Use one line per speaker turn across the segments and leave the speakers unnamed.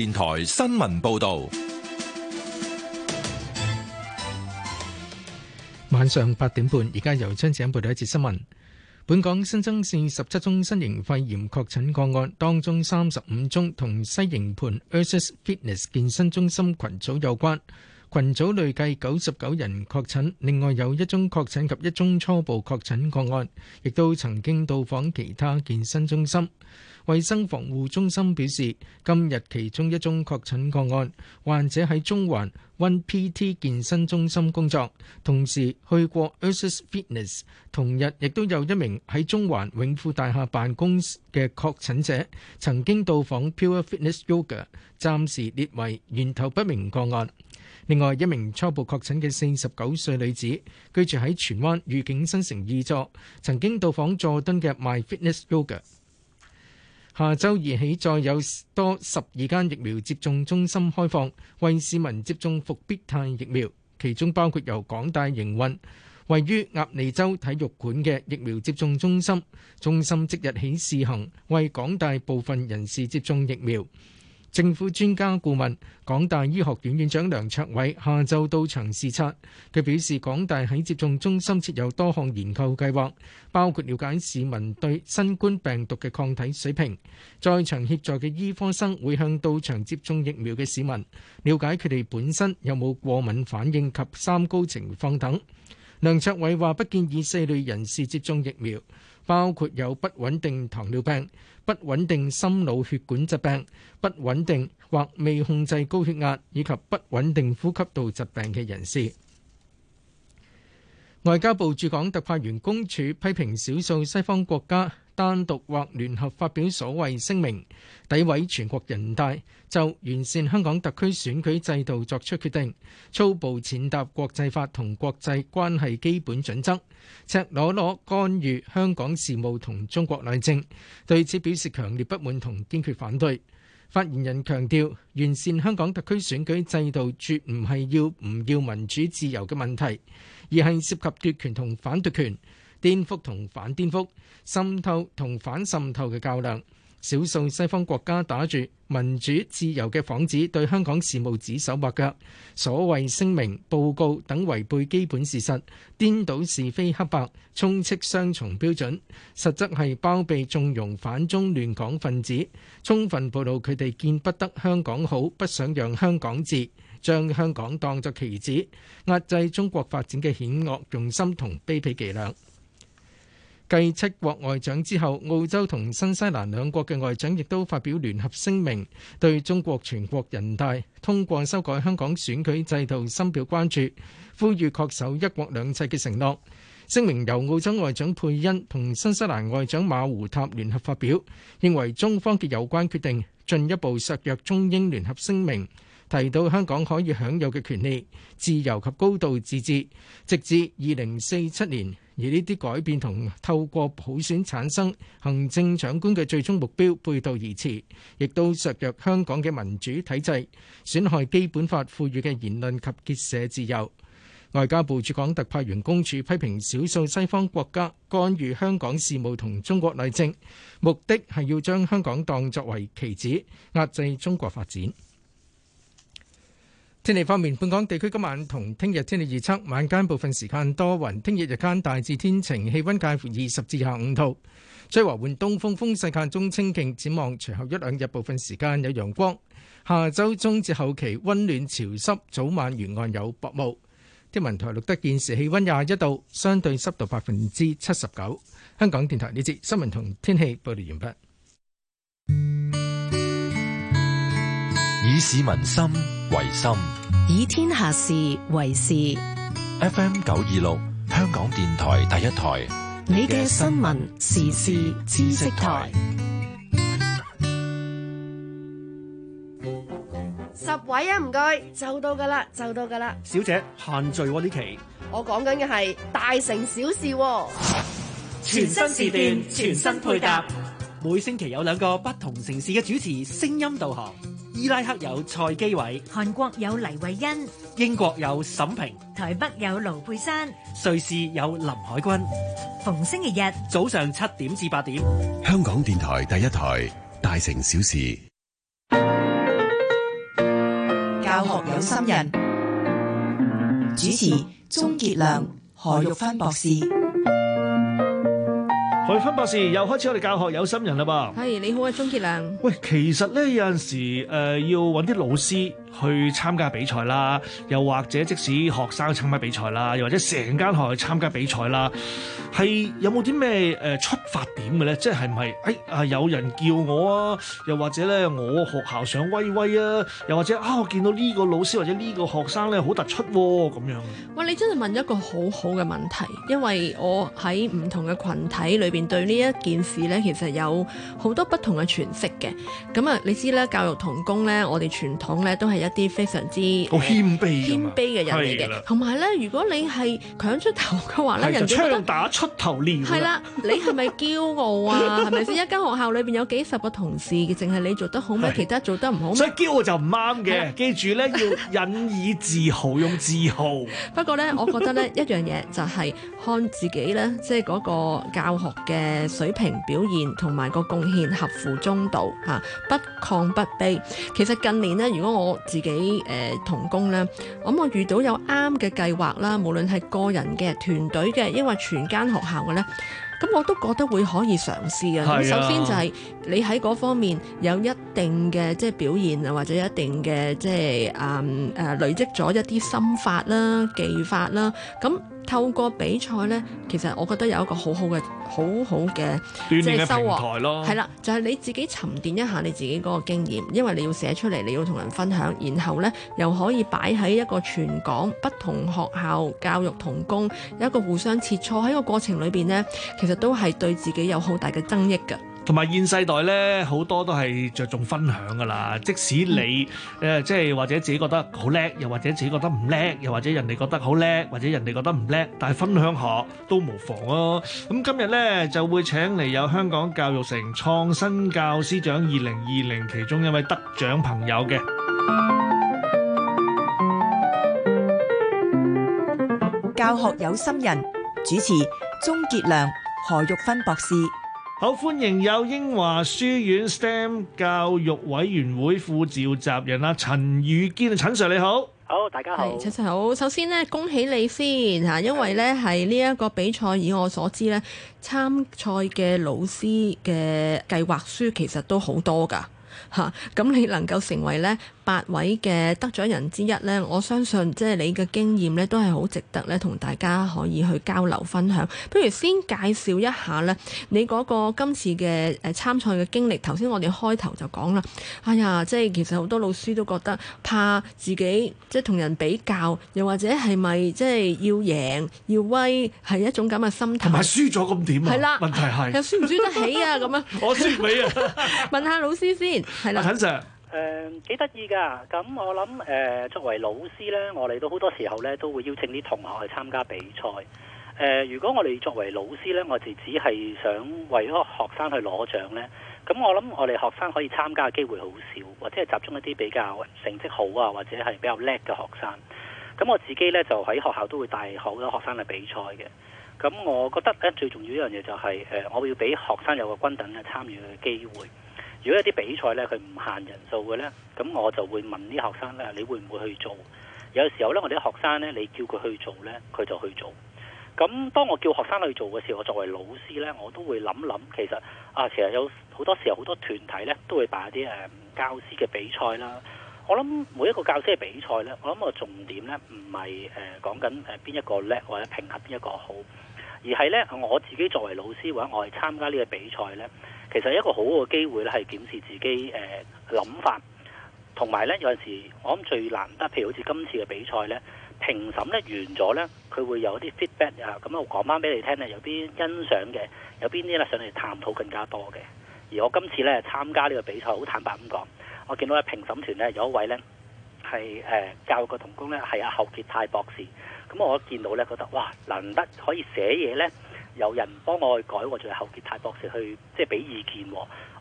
電台新聞報道，晚上八點半，而家由張子欣報道一節新聞。本港新增四十七宗新型肺炎確診個案，當中三十五宗同西營盤 Ursus Fitness 健身中心群組有關，群組累計九十九人確診。另外有一宗確診及一宗初步確診個案，亦都曾經到訪其他健身中心。衛生防護中心表示，今日其中一宗確診個案，患者喺中環 One PT 健身中心工作，同時去過 Ursus Fitness。同日亦都有一名喺中環永富大廈辦公嘅確診者，曾經到訪 Pure Fitness Yoga，暫時列為源頭不明個案。另外一名初步確診嘅四十九歲女子，居住喺荃灣御景新城二座，曾經到訪佐敦嘅 My Fitness Yoga。下周二起，再有多十二間疫苗接種中心開放，為市民接種復必泰疫苗，其中包括由港大營運、位於鴨脷洲體育館嘅疫苗接種中心，中心即日起試行，為港大部分人士接種疫苗。政府專家顧問、港大醫學院院長梁卓偉下晝到場視察。佢表示，港大喺接種中心設有多項研究計劃，包括了解市民對新冠病毒嘅抗體水平。在場協助嘅醫科生會向到場接種疫苗嘅市民，了解佢哋本身有冇過敏反應及三高情況等。梁卓偉話，不建議四類人士接種疫苗。包括有不穩定糖尿病、不穩定心腦血管疾病、不穩定或未控制高血壓以及不穩定呼吸道疾病嘅人士。外交部駐港特派員公署批評少數西方國家。單獨或聯合發表所謂聲明，詆毀全國人大，就完善香港特區選舉制度作出決定，粗暴踐踏國際法同國際關係基本準則，赤裸裸干預香港事務同中國內政。對此表示強烈不滿同堅決反對。發言人強調，完善香港特區選舉制度絕唔係要唔要民主自由嘅問題，而係涉及奪權同反奪權。顛覆同反顛覆、滲透同反滲透嘅較量，少數西方國家打住民主自由嘅幌子，對香港事務指手畫腳，所謂聲明報告等違背基本事實，顛倒是非黑白，充斥雙重標準，實質係包庇縱容反中亂港分子，充分暴露佢哋見不得香港好，不想讓香港治，將香港當作棋子，壓制中國發展嘅險惡用心同卑鄙伎倆。繼七國外長之後,澳洲和新西蘭兩國的外長也都發表聯合聲明,對中國全國人大,通過修改香港選舉制度深表關注,呼籲確守一國兩制的承諾。聲明由澳洲外長佩恩和新西蘭外長馬胡塔聯合發表,認為中方的有關決定,進一步削弱中英聯合聲明,提到香港可以享有的權利,自由及高度自治,直至2047年,而呢啲改變同透過普選產生行政長官嘅最終目標背道而馳，亦都削弱香港嘅民主體制，損害基本法賦予嘅言論及結社自由。外交部駐港特派員公署批評少數西方國家干預香港事務同中國內政，目的係要將香港當作為棋子，壓制中國發展。天氣方面，本港地區今晚同聽日天氣預測，晚間部分時間多雲，聽日日間大致天晴，氣溫介乎二十至廿五度。吹和緩東風，風勢間中清勁，展望隨後一兩日部分時間有陽光。下周中至後期溫暖潮濕，早晚沿岸有薄霧。天文台錄得現時氣溫廿一度，相對濕度百分之七十九。香港電台呢節新聞同天氣報道完畢。
以市民心為心。
以天下事為事。
FM 九二六，香港電
台第一台，你嘅新聞時事知識台。
十位啊，唔該，就到噶啦，就到噶啦，
小姐限聚呢期，
我講緊嘅係大城
小事、啊。
全新時段，全新配搭，每星期有兩個不同城市嘅主持聲音導航。伊拉克有蔡基偉，韓國有黎慧欣，英國有沈平，台北有盧佩山，瑞士有
林海軍。逢星期日早上七點至八點，香港電台第一台《大城小事》，教學有心人，主持鍾杰亮、何玉芬博士。梅芬博士，又開始我哋教學有心人啦噃。係，
你好啊，鍾杰良。
喂，其實呢，有陣時誒、呃、要揾啲老師。去參加比賽啦，又或者即使學生參加比賽啦，又或者成間學校去參加比賽啦，係有冇啲咩誒出發點嘅咧？即係唔係誒啊？有人叫我啊，又或者咧，我學校想威威啊，又或者啊，我見到呢個老師或者呢個學生咧好突出喎、哦、咁樣。
哇！你真係問一個好好嘅問題，因為我喺唔同嘅群體裏邊對呢一件事咧，其實有好多不同嘅詮釋嘅。咁啊，你知咧教育同工咧，我哋傳統咧都係～一啲非常之
好謙、哦、卑、謙卑嘅人嚟嘅，同
埋咧，如果你係強出頭嘅話咧，的人就覺得
打出頭了。係 啦，
你係咪驕傲啊？係咪先？一間學校裏邊有幾十個同事，淨係你做得好，咩的？其他做得唔
好咩？所以驕傲就唔啱嘅。的記住咧，要引以自豪，用自豪。
不過咧，我覺得咧，一樣嘢就係看自己咧，即係嗰個教學嘅水平表現同埋個貢獻合乎中道。吓、啊，不亢不卑。其實近年咧，如果我自己誒、呃、同工咧，咁、嗯、我遇到有啱嘅計劃啦，無論係個人嘅、團隊嘅，抑或全間學校嘅咧，咁、嗯、我都覺得會可以嘗試嘅。嗯、首先就係你喺嗰方面有一定嘅即係表現啊，或者一定嘅即係啊誒累積咗一啲心法啦、技法啦，咁、嗯。透過比賽呢，其實我覺得有一個好好嘅、好好嘅即係收穫咯。係啦，就係你自己沉澱一下你自己嗰個經驗，因為你要寫出嚟，你要同人分享，然後呢，又可以擺喺一個全港不同學校教育同工有一個互相切磋，喺個過程裏邊呢，其實都係對自己有好大嘅增益㗎。
同埋現世代呢，好多都係着重分享㗎喇，即使你，即係或者自己覺得好叻，又或者自己覺得唔叻，又或者人哋覺得好叻，或者人哋覺得唔叻，但係分享下都無妨啊。噉今日呢，就會請嚟有香港教育城創新教師獎2020好，歡迎有英華書院 STEM 教育委員會副召集人啊，陳汝堅陳 Sir 你好。好，
大家好，陳 Sir 好。首先呢，恭喜你先吓，因為呢係呢一個比賽，以我所知呢，參賽嘅老師嘅計劃書其實都好多噶吓，咁，啊，你能夠成為呢，八位嘅得獎人之一呢，我相信即係你嘅經驗呢，都係好值得咧，同大家可以去交流分享。不如先介紹一下呢，你嗰個今次嘅誒參賽嘅經歷。頭先我哋開頭就講啦，哎呀，即係其實好多老師都覺得怕自己，即係同人比較，又或者係咪即係要贏要威，係一種咁嘅心態。同埋輸
咗咁點啊？啦的，問題係又輸
唔輸得起啊？咁 樣啊，我輸你啊！問下老師先，係啦。陳 Sir。
誒，幾得意噶！咁、嗯、我諗誒、呃，作為老師呢，我哋都好多時候呢都會邀請啲同學去參加比賽。誒、呃，如果我哋作為老師呢，我哋只係想為嗰個學生去攞獎呢。咁、嗯、我諗我哋學生可以參加嘅機會好少，或者係集中一啲比較成績好啊，或者係比較叻嘅學生。咁、嗯、我自己呢，就喺學校都會帶好多學生去比賽嘅。咁、嗯、我覺得咧最重要一樣嘢就係、是，誒、呃，我要俾學生有個均等嘅參與嘅機會。如果一啲比賽咧，佢唔限人數嘅咧，咁我就會問啲學生咧，你會唔會去做？有時候咧，我哋啲學生咧，你叫佢去做咧，佢就去做。咁當我叫學生去做嘅時候，我作為老師咧，我都會諗諗，其實啊，其實有好多時候好多團體咧，都會辦一啲誒、嗯、教師嘅比賽啦。我諗每一個教師嘅比賽咧，我諗個重點咧，唔係誒講緊誒邊一個叻或者評核邊一個好。而係呢，我自己作為老師或者我係參加呢個比賽呢，其實一個好嘅機會咧，係檢視自己誒諗、呃、法，同埋呢，有陣時我諗最難得，譬如好似今次嘅比賽呢，評審咧完咗呢，佢會有啲 feedback 啊，咁我講翻俾你聽呢，有啲欣賞嘅，有邊啲呢上嚟探討更加多嘅。而我今次呢，參加呢個比賽，好坦白咁講，我見到喺評審團呢，有一位呢係誒、呃、教育嘅同工呢，係阿、啊、侯傑泰博士。咁我見到咧，覺得哇，難得可以寫嘢咧！有人幫我去改，我最後侯傑泰博士去即係俾意見。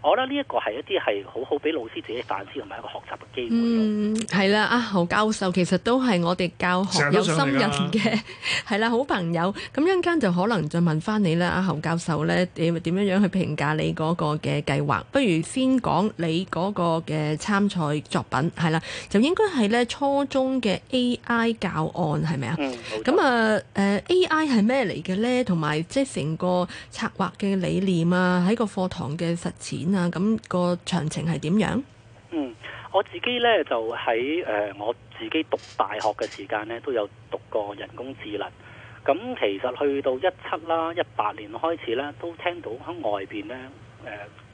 我覺得呢一個係一啲係好好俾老師自己反思同埋一個學習嘅機會。
嗯，係啦，阿、啊、侯教授其實都係我哋教學有心人嘅，係啦， 好朋友。咁一間就可能再問翻你啦，阿、啊、侯教授咧，你會點樣樣去評價你嗰個嘅計劃？不如先講你嗰個嘅參賽作品係啦，就應該係咧初中嘅 AI 教案係咪、嗯、啊？咁啊，誒 AI 係咩嚟嘅咧？同埋即成個策劃嘅理念啊，喺個課堂嘅實踐啊，咁、那個詳情係點樣？
嗯，我自己呢，就喺誒、呃、我自己讀大學嘅時間呢，都有讀過人工智能。咁、嗯、其實去到一七啦一八年開始呢，都聽到喺外邊呢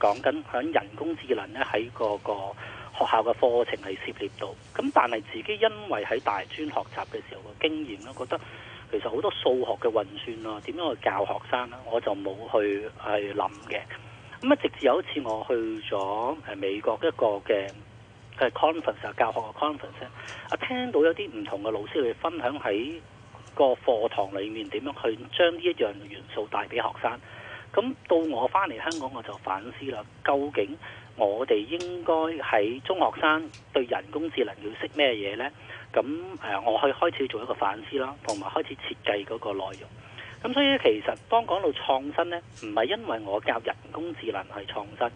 誒講緊響人工智能呢，喺嗰個學校嘅課程係涉獵到。咁、嗯、但係自己因為喺大專學習嘅時候嘅經驗呢，我覺得。其實好多數學嘅運算啊，點樣去教學生咧，我就冇去去諗嘅。咁啊，直至有一次我去咗誒美國一個嘅嘅 conference 啊，教學嘅 conference 啊，聽到有啲唔同嘅老師嚟分享喺個課堂裡面點樣去將呢一樣元素帶俾學生。咁到我翻嚟香港，我就反思啦，究竟我哋應該喺中學生對人工智能要識咩嘢呢？咁誒，我去開始做一個反思啦，同埋開始設計嗰個內容。咁所以其實當講到創新呢，唔係因為我教人工智能去創新。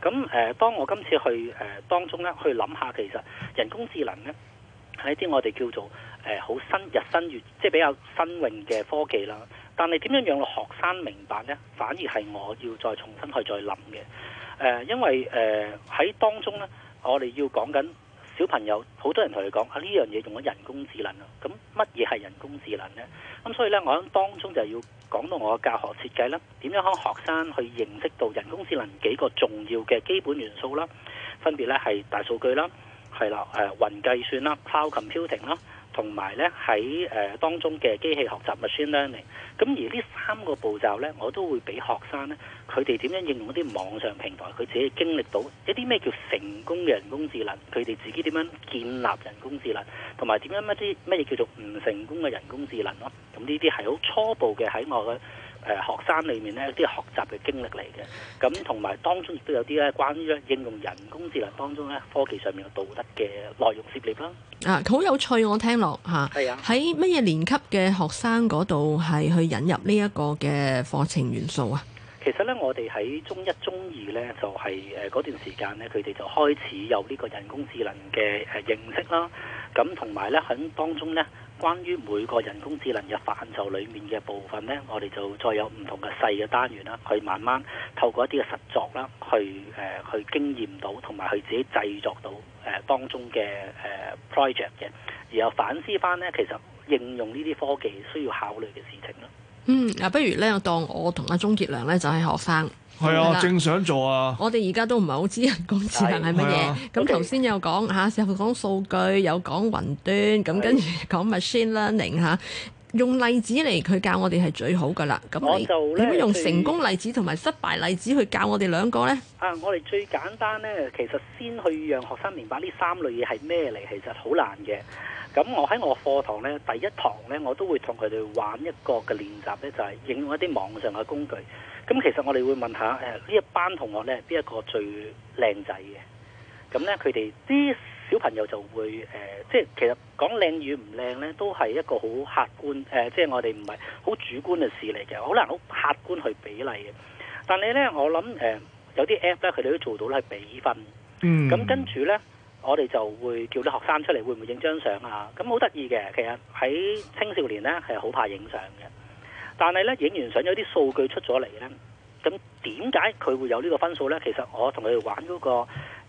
咁誒，當我今次去誒當中呢，去諗下其實人工智能呢，係一啲我哋叫做誒好、呃、新日新月，即係比較新穎嘅科技啦。但係點樣讓學生明白呢？反而係我要再重新去再諗嘅。誒、呃，因為誒喺、呃、當中呢，我哋要講緊。小朋友好多人同你講啊，呢樣嘢用咗人工智能啊，咁乜嘢係人工智能呢？咁、啊、所以呢，我喺當中就要講到我嘅教學設計啦，點樣向學生去認識到人工智能幾個重要嘅基本元素啦？分別咧係大數據啦，係啦，誒、呃、雲計算啦，Cloud Computing 啦。Cloud 同埋咧喺誒當中嘅機器學習 machine learning，咁而呢三個步驟咧，我都會俾學生咧，佢哋點樣應用一啲網上平台，佢自己經歷到一啲咩叫成功嘅人工智能，佢哋自己點樣建立人工智能，同埋點樣一啲乜嘢叫做唔成功嘅人工智能咯。咁呢啲係好初步嘅喺我嘅。誒學生裏面呢，一啲學習嘅經歷嚟嘅，咁同埋當中亦都有啲咧關於應用人工智能當中咧科技上面嘅道德嘅內容涉獵啦。
啊，好有趣，我聽落嚇。係啊。喺乜嘢年級嘅學生嗰度係去引入呢一個嘅課程元素啊？
其實咧，我哋喺中一、中二咧，就係誒嗰段時間咧，佢哋就開始有呢個人工智能嘅誒認識啦。咁同埋咧，喺當中咧。關於每個人工智能嘅範疇裡面嘅部分呢，我哋就再有唔同嘅細嘅單元啦，去慢慢透過一啲嘅實作啦，去、呃、誒去經驗到，同埋去自己製作到誒、呃、當中嘅誒、呃、project 嘅，然後反思翻呢，其實應用呢啲科技需要考慮嘅事情啦。嗯，
嗱、啊，不如呢，我當我同阿鐘傑良呢，就係學生。係啊，正
想做啊！
我哋而家都唔係好知人工智能係乜嘢。咁頭先有講吓，成日講數據，有講雲端，咁、啊、跟住講 machine learning 吓、啊，用例子嚟佢教我哋係最好噶啦。咁你就點樣用成功例子同埋失敗例子去教我哋兩個咧？
啊，我哋最簡單咧，其實先去讓學生明白呢三類嘢係咩嚟，其實好難嘅。咁我喺我課堂咧，第一堂咧，我都會同佢哋玩一個嘅練習咧，就係、是、應用一啲網上嘅工具。咁、嗯、其實我哋會問下誒呢、呃、一班同學咧邊一個最靚仔嘅，咁咧佢哋啲小朋友就會誒、呃，即係其實講靚與唔靚咧，都係一個好客觀誒、呃，即係我哋唔係好主觀嘅事嚟嘅，好難好客觀去比例嘅。但係咧，我諗誒、呃、有啲 A P P 咧，佢哋都做到咧係比分，嗯，
咁跟
住咧我哋就會叫啲學生出嚟會唔會影張相啊？咁好得意嘅，其實喺青少年咧係好怕影相嘅。但係咧，影完相有啲數據出咗嚟咧，咁點解佢會有呢個分數咧？其實我同佢哋玩嗰個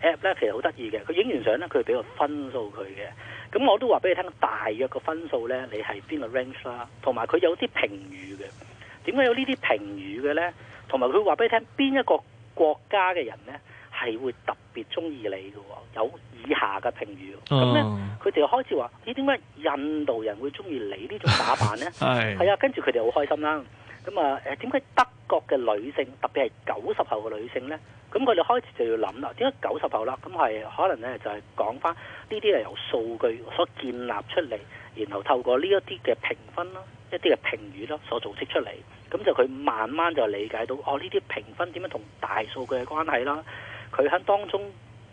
app 咧，其實好得意嘅。佢影完相咧，佢俾個分數佢嘅。咁我都話俾你聽，大約個分數咧，你係邊個 range 啦，同埋佢有啲評語嘅。點解有呢啲評語嘅咧？同埋佢話俾你聽，邊一個國家嘅人咧係會特別中意你㗎喎，有。以下嘅評語，咁咧佢哋就開始話：咦，點解印度人會中意你呢種打扮咧？係係 啊，跟住佢哋好開心啦、啊。咁啊誒，點解德國嘅女性，特別係九十後嘅女性咧？咁佢哋開始就要諗啦。點解九十後啦？咁、嗯、係可能咧就係、是、講翻呢啲係由數據所建立出嚟，然後透過呢一啲嘅評分啦、一啲嘅評語啦所組織出嚟。咁就佢慢慢就理解到哦，呢啲評分點樣同大數據嘅關係啦。佢喺當中。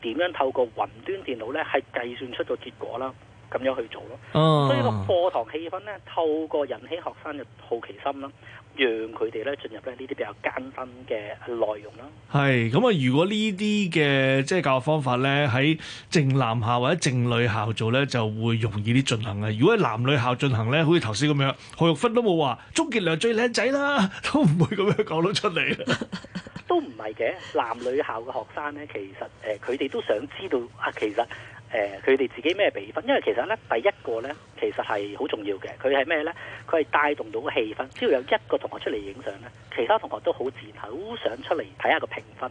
點樣透過雲端電腦咧，係計算出個結果啦。咁樣去做咯，哦、所以個課堂氣氛咧，透過引起學生嘅好奇心啦，讓佢哋咧進入咧呢啲比較艱辛嘅內容咯。
係咁啊！如果呢啲嘅即係教育方法咧，喺正男校或者正女校做咧，就會容易啲進行啊。如果喺男女校進行咧，好似頭先咁樣，何玉芬都冇話鍾傑良最靚仔啦，都唔會咁樣講到出嚟。
都唔係嘅，男女校嘅學生咧，其實誒，佢、呃、哋都想知道啊，其實。誒佢哋自己咩比分？因為其實咧，第一個咧，其實係好重要嘅。佢係咩咧？佢係帶動到個氣氛。只要有一個同學出嚟影相咧，其他同學都好自然好想出嚟睇下個評
分。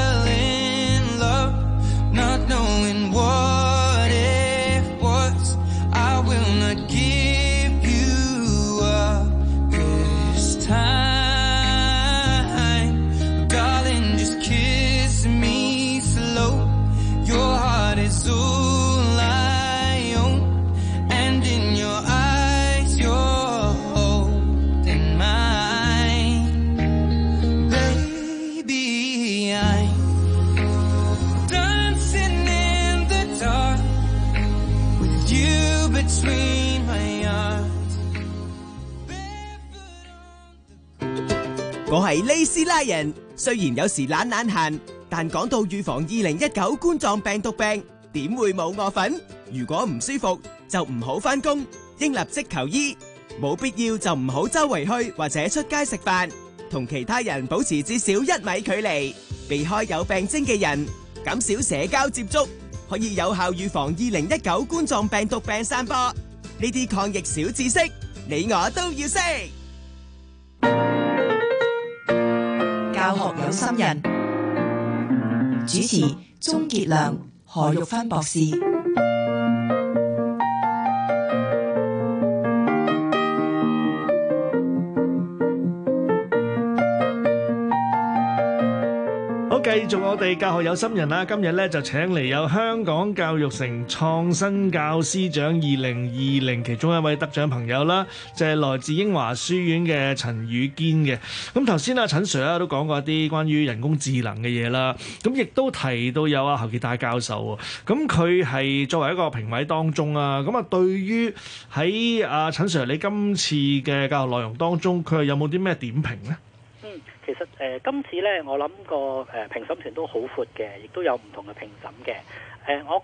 我係雷斯拉人，雖然有時懶懶閒，但講到預防二零一九冠狀病毒病，點會冇我份？如果唔舒服，就唔好翻工，應立即求醫。冇必要就唔好周圍去或者出街食飯，同其他人保持至少一米距離，避開有病徵嘅人，減少社交接觸，可以有效預防二零一九冠狀病毒病散播。呢啲抗疫小知識，你我都要識。教學有心人，主持鍾傑良、何玉芬博士。繼續我哋教學有心人啦，今日咧，就請嚟有香港教育城創新教師獎二零二零其中一位得獎朋友啦，就係、是、來自英華書院嘅陳宇堅嘅。咁頭先阿陳 Sir 啦都講過一啲關於人工智能嘅嘢啦，咁亦都提到有阿侯傑大教授喎。咁佢係作為一個評委當中啊，咁啊對於喺阿陳 Sir 你今次嘅教學內容當中，佢有冇啲咩點評呢？
其實、呃、今次呢，我諗個誒評審團都好闊嘅，亦都有唔同嘅評審嘅。誒、呃、我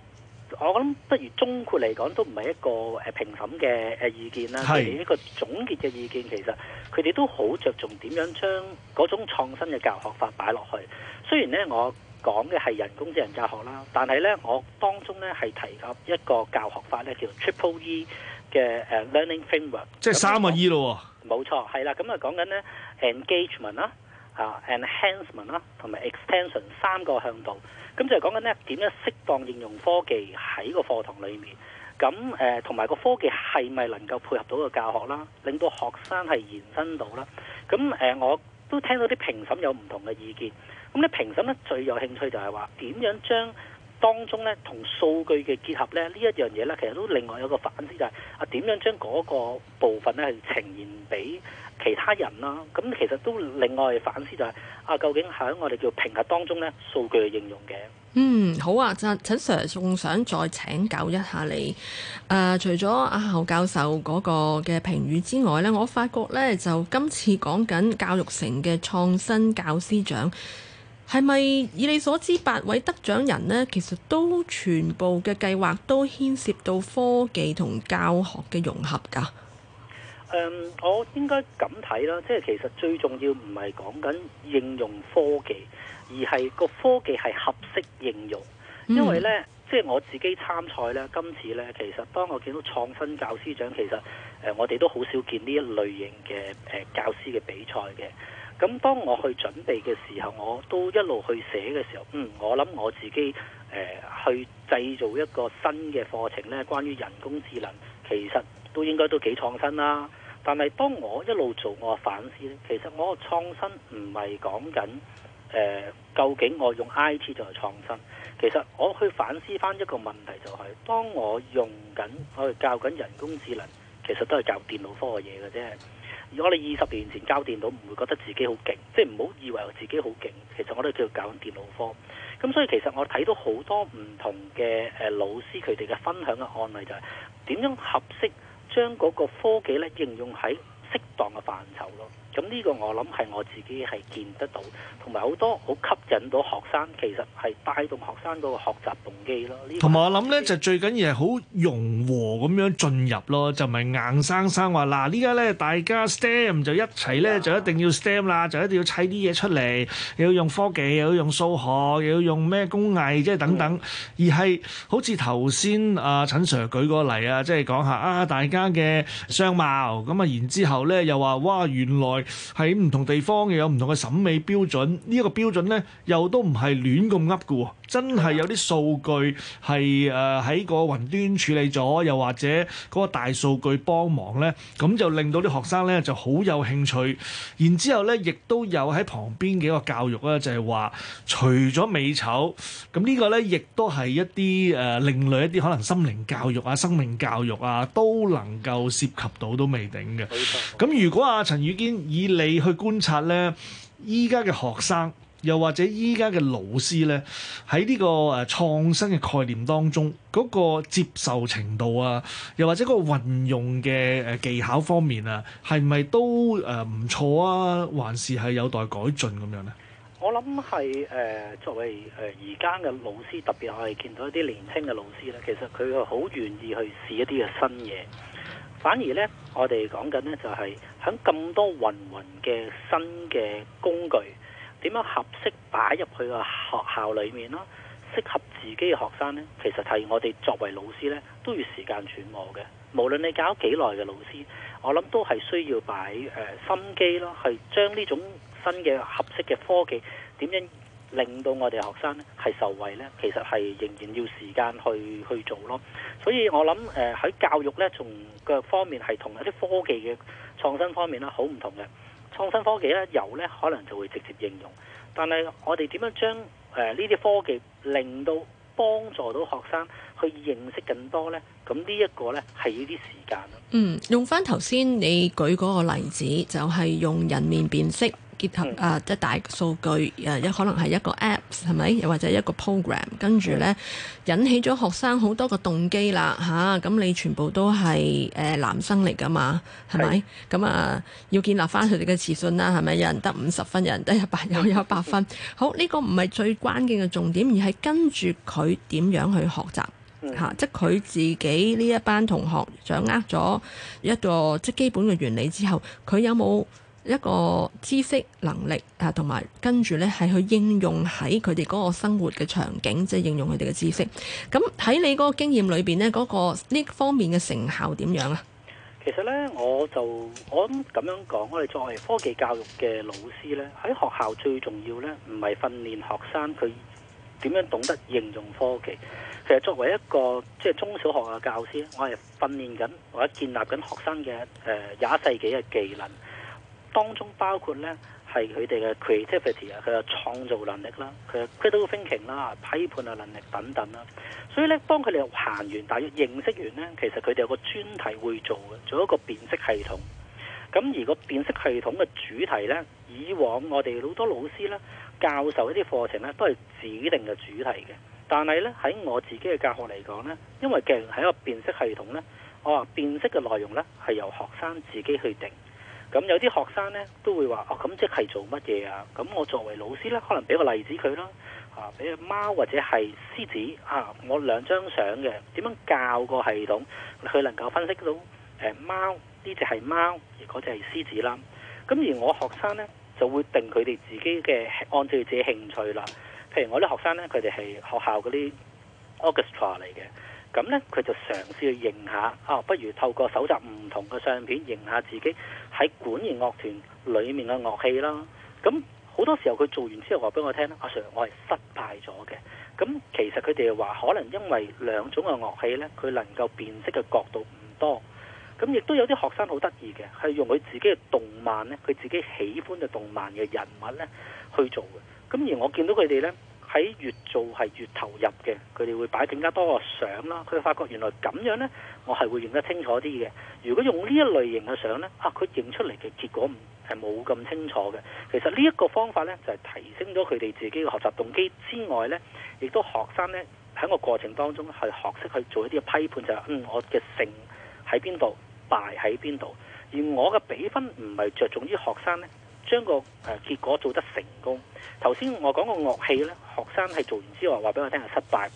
我諗不如總括嚟講，都唔係一個誒評審嘅誒意見啦，係是一個總結嘅意見。其實佢哋都好着重點樣將嗰種創新嘅教學法擺落去。雖然呢，我講嘅係人工智能教學啦，但係呢，我當中呢係提及一個教學法呢叫 Triple E 嘅誒 Learning Framework，即係三個 E 咯。冇錯，係啦，咁啊講緊呢 Engagement 啦。啊，enhancement 啦，同埋 extension 三個向度，咁、嗯、就係講緊咧點樣適當應用科技喺個課堂裏面，咁誒同埋個科技係咪能夠配合到個教學啦，令到學生係延伸到啦，咁、嗯、誒、嗯、我都聽到啲評審有唔同嘅意見，咁、嗯、咧評審咧最有興趣就係話點樣將。當中呢，同數據嘅結合呢，呢一樣嘢呢，其實都另外有一個反思就係、是、啊點樣將嗰個部分呢係呈現俾其他人啦、啊。咁其實都另外反思就係、是、啊，究竟喺我哋叫評核當中呢，數據嘅應用嘅。嗯，
好啊，陳陳 Sir 仲想再請教一下你。誒、呃，除咗阿侯教授嗰個嘅評語之外呢，我發覺呢，就今次講緊教育城嘅創新教師獎。係咪以你所知八位得獎人呢，其實都全部嘅計劃都牽涉到科技同教學嘅融合㗎？嗯，
我應該咁睇啦，即係其實最重要唔係講緊應用科技，而係個科技係合適應用。因為呢，嗯。即係我自己參賽呢，今次呢，其實當我見到創新教師獎，其實我哋都好少見呢一類型嘅教師嘅比賽嘅。咁當我去準備嘅時候，我都一路去寫嘅時候，嗯，我諗我自己誒、呃、去製造一個新嘅課程呢，關於人工智能，其實都應該都幾創新啦、啊。但係當我一路做我反思咧，其實我個創新唔係講緊究竟我用 I T 做創新，其實我去反思翻一個問題就係、是，當我用緊我教緊人工智能，其實都係教電腦科嘅嘢嘅啫。如果你二十年前教電腦，唔會覺得自己好勁，即係唔好以為自己好勁。其實我哋叫做教電腦科，咁所以其實我睇到好多唔同嘅誒老師，佢哋嘅分享嘅案例就係、是、點樣合適將嗰個科技呢應用喺適當嘅範疇咯。咁呢個我諗係我自己係見得到，同埋好多好吸引到學生，其實係帶動學生嗰個學習動機咯。
同埋我諗咧，就最緊要係好融和咁樣進入咯，就唔係硬生生話嗱，呢家咧大家 STEM 就一齊咧就一定要 STEM 啦，就一定要砌啲嘢出嚟，又要用科技，又要用數學，又要用咩工藝，即係等等。而係好似頭先啊陳 Sir 舉個例啊，即係講下啊，大家嘅商貿咁啊，然之後咧又話哇，原來～喺唔同地方又有唔同嘅審美標準，呢一個標準咧又都唔係亂咁噏嘅喎，真係有啲數據係誒喺個雲端處理咗，又或者嗰個大數據幫忙咧，咁就令到啲學生咧就好有興趣。然之後咧，亦都有喺旁邊嘅一個教育啊，就係話除咗美醜，咁呢個咧亦都係一啲誒另類一啲可能心靈教育啊、生命教育啊，都能夠涉及到都未定嘅。咁如果阿陳汝堅以以你去觀察呢，依家嘅學生又或者依家嘅老師呢，喺呢個誒創新嘅概念當中，嗰個接受程度啊，又或者個運用嘅技巧方面啊，係咪都誒唔錯啊，還是係有待改進咁樣呢？
我諗係誒作為誒而家嘅老師，特別我係見到一啲年輕嘅老師呢，其實佢係好願意去試一啲嘅新嘢。反而呢，我哋講緊呢就係喺咁多芸芸嘅新嘅工具，點樣合適擺入去個學校裡面咯？適合自己嘅學生呢，其實係我哋作為老師呢都要時間揣摩嘅。無論你搞幾耐嘅老師，我諗都係需要擺誒、呃、心機咯，係將呢種新嘅合適嘅科技點樣，令到我哋學生係受惠咧，其實係仍然要時間去去做咯。所以我諗誒喺教育呢，從各方面係同一啲科技嘅創新方面咧，好唔同嘅創新科技呢，有呢可能就會直接應用。但係我哋點樣將誒呢啲科技令到幫助到學生去認識更多呢？咁呢一個呢，係有啲時間。
嗯，用翻頭先你舉嗰個例子，就係用人面辨識。結合啊、呃，即係大數據，誒、呃、有可能係一個 Apps 係咪？又或者一個 program，跟住呢，引起咗學生好多個動機啦吓，咁、啊、你全部都係誒、呃、男生嚟㗎嘛？係咪？咁是啊，要建立翻佢哋嘅自信啦，係咪？有人得五十分，有人得一百，又 有一百分。好，呢、呢個唔係最關鍵嘅重點，而係跟住佢點樣去學習吓、啊，即係佢自己呢一班同學掌握咗一個即基本嘅原理之後，佢有冇？一個知識能力啊，同埋跟住呢係去應用喺佢哋嗰個生活嘅場景，即係應用佢哋嘅知識。咁喺你嗰個經驗裏邊呢，嗰、嗰個呢方面嘅成效點樣啊？
其實呢，我就我咁樣講，我哋作為科技教育嘅老師呢，喺學校最重要呢，唔係訓練學生佢點樣懂得應用科技。其實作為一個即係、就是、中小學嘅教師，我係訓練緊或者建立緊學生嘅誒廿一世紀嘅技能。當中包括呢，係佢哋嘅 creativity 啊，佢嘅創造能力啦，佢嘅 critical thinking 啦，批判嘅能力等等啦。所以呢，當佢哋行完、大約認識完呢，其實佢哋有個專題會做嘅，做一個辨識系統。咁而個辨識系統嘅主題呢，以往我哋好多老師呢，教授一啲課程呢，都係指定嘅主題嘅。但係呢，喺我自己嘅教學嚟講呢，因為既然係一個辨識系統呢，我話辨識嘅內容呢，係由學生自己去定。咁有啲學生咧都會話：哦，咁即係做乜嘢啊？咁我作為老師咧，可能俾個例子佢啦，啊，俾隻貓或者係獅子嚇、啊，我兩張相嘅點樣教個系統，佢能夠分析到誒貓呢隻係貓，嗰隻係獅子啦。
咁而我
學生咧就會定佢哋自己嘅按照自己興趣啦。譬如我啲學生咧，佢哋係學校嗰啲 orchestra 嚟嘅，咁咧佢就嘗試去認下啊，不如透過搜集唔同嘅相片認下自己，喺管弦樂團裏面嘅樂器啦，咁好多時候佢做完之後話俾我聽，阿、啊、Sir，我係失敗咗嘅。咁其實佢哋又話可能因為兩種嘅樂器呢，佢能夠辨識嘅角度唔多。咁亦都有啲學生好得意嘅，係用佢自己嘅動漫呢，佢自己喜歡嘅動漫嘅人物呢去做嘅。咁而我見到佢哋呢。喺越做係越投入嘅，佢哋會擺更加多個相啦。佢發覺原來咁樣呢，我係會認得清楚啲嘅。如果用呢一類型嘅相呢，啊，佢認出嚟嘅結果唔係冇咁清楚嘅。其實呢一個方法呢，就係提升咗佢哋自己嘅學習動機之外呢，亦都學生呢喺個過程當中係學識去做一啲批判，就係嗯，我嘅勝喺邊度，敗喺邊度，而我嘅比分唔係着重於學生呢。將個誒結果做得成功。頭先我講個樂器呢，學生係做完之後話俾我聽係失敗，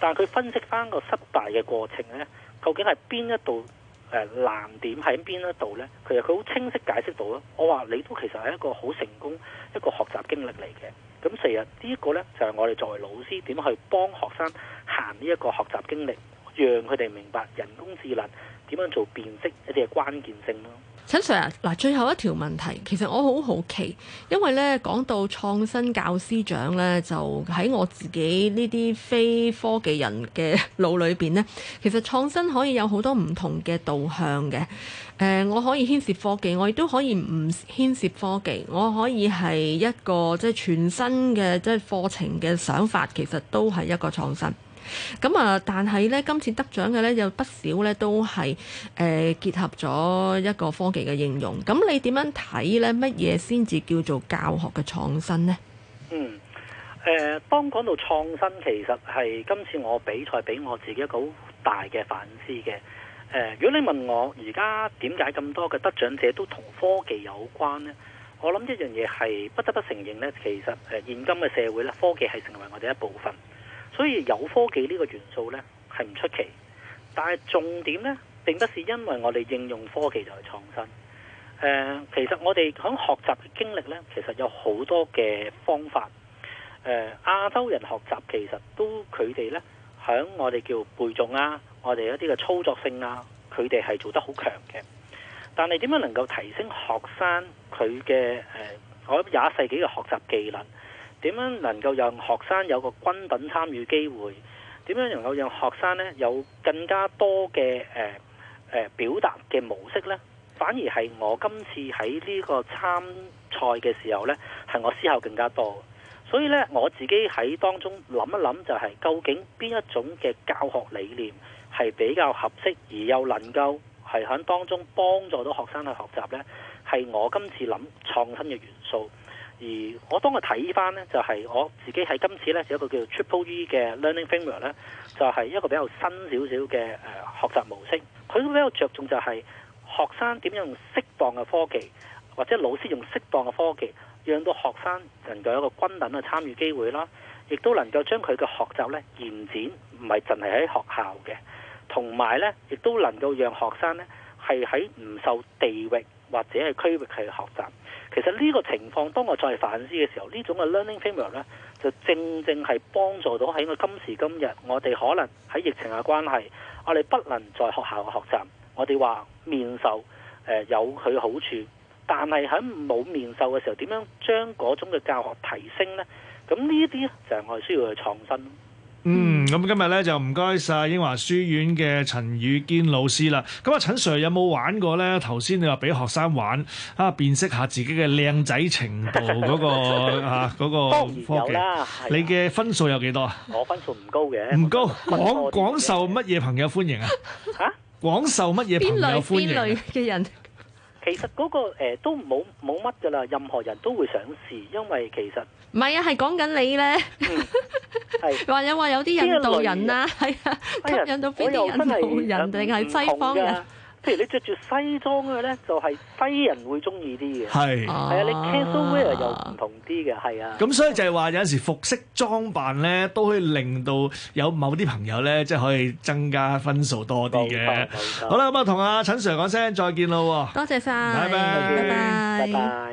但係佢分析翻個失敗嘅過程呢，究竟係邊一度，誒，難點喺邊一度呢？其實佢好清晰解釋到咯。我話，你都其實係一個好成功一個學習經歷嚟嘅。咁成日呢一個呢，就係、是、我哋作為老師點去幫學生行呢一個學習經歷，讓佢哋明白人工智能點樣做辨識一啲嘅關鍵性咯。
陳 Sir 嗱，最後一條問題其實我好好奇，因為咧講到創新教師獎咧，就喺我自己呢啲非科技人嘅腦裏邊咧，其實創新可以有好多唔同嘅導向嘅。誒、呃，我可以牽涉科技，我亦都可以唔牽涉科技。我可以係一個即係全新嘅即係課程嘅想法，其實都係一個創新。咁啊，但係咧，今次得獎嘅咧有不少咧，都係誒、呃、結合咗一個科技嘅應用。咁你點樣睇咧？乜嘢先至叫做教學嘅創新呢？
嗯，誒、呃，當講到創新，其實係今次我比賽俾我自己一個好大嘅反思嘅。誒、呃，如果你問我而家點解咁多嘅得獎者都同科技有關呢？我諗一樣嘢係不得不承認咧，其實誒現今嘅社會咧，科技係成為我哋一部分。所以有科技呢個元素呢，係唔出奇，但係重點呢，並不是因為我哋應用科技就係創新。誒、呃，其實我哋響學習嘅經歷呢，其實有好多嘅方法。誒、呃，亞洲人學習其實都佢哋呢，響我哋叫背誦啊，我哋一啲嘅操作性啊，佢哋係做得好強嘅。但係點樣能夠提升學生佢嘅誒，我諗廿一世紀嘅學習技能。點樣能夠讓學生有個均等參與機會？點樣能夠讓學生呢有更加多嘅誒、呃呃、表達嘅模式呢？反而係我今次喺呢個參賽嘅時候呢，係我思考更加多。所以呢，我自己喺當中諗一諗，就係究竟邊一種嘅教學理念係比較合適，而又能夠係喺當中幫助到學生去學習呢？係我今次諗創新嘅元素。而我當我睇翻呢就係、是、我自己喺今次呢，有一個叫做 Triple E 嘅 Learning Framework 呢，就係、是、一個比較新少少嘅誒學習模式。佢都比較着重就係學生點樣用適當嘅科技，或者老師用適當嘅科技，讓到學生能夠有一個均等嘅參與機會啦，亦都能夠將佢嘅學習呢延展，唔係淨係喺學校嘅。同埋呢亦都能夠讓學生呢，係喺唔受地域或者係區域去學習。其實呢個情況，當我再反思嘅時候，種呢種嘅 learning framework 呢，就正正係幫助到喺我今時今日，我哋可能喺疫情嘅關係，我哋不能在學校嘅學習，我哋話面授、呃、有佢好處，但係喺冇面授嘅時候，點樣將嗰種嘅教學提升呢？咁呢啲就係我哋需要去創新。
嗯，咁今日咧就唔該晒英華書院嘅陳汝堅老師啦。咁啊，陳 sir 有冇玩過咧？頭先你話俾學生玩，啊辨識下自己嘅靚仔程度嗰個嚇、 啊嗰個、科技。啊、你嘅分數有幾多啊？我
分數唔高嘅。唔
高。廣廣受乜嘢朋友歡迎啊？嚇！
廣受乜嘢朋友歡迎？邊、啊、
類嘅人？
其實嗰、那個、呃、都冇冇乜㗎喇，任何人都會想試，因為其實
唔係啊，係講緊你咧，
係話、嗯、有話有啲印度人啦、啊，係吸引到邊啲印度人定係西方人？譬如你著住西裝嘅咧，就係西人會鍾意啲嘅。係，係啊，你 casual wear 又唔同啲嘅，係啊。咁
所以就係話有陣時服飾裝扮咧，都可以令到有某啲朋友咧，即係可以增加分數多啲嘅。好啦，咁我同阿陳 Sir 講聲再見啦喎。
多謝晒。拜拜。拜拜。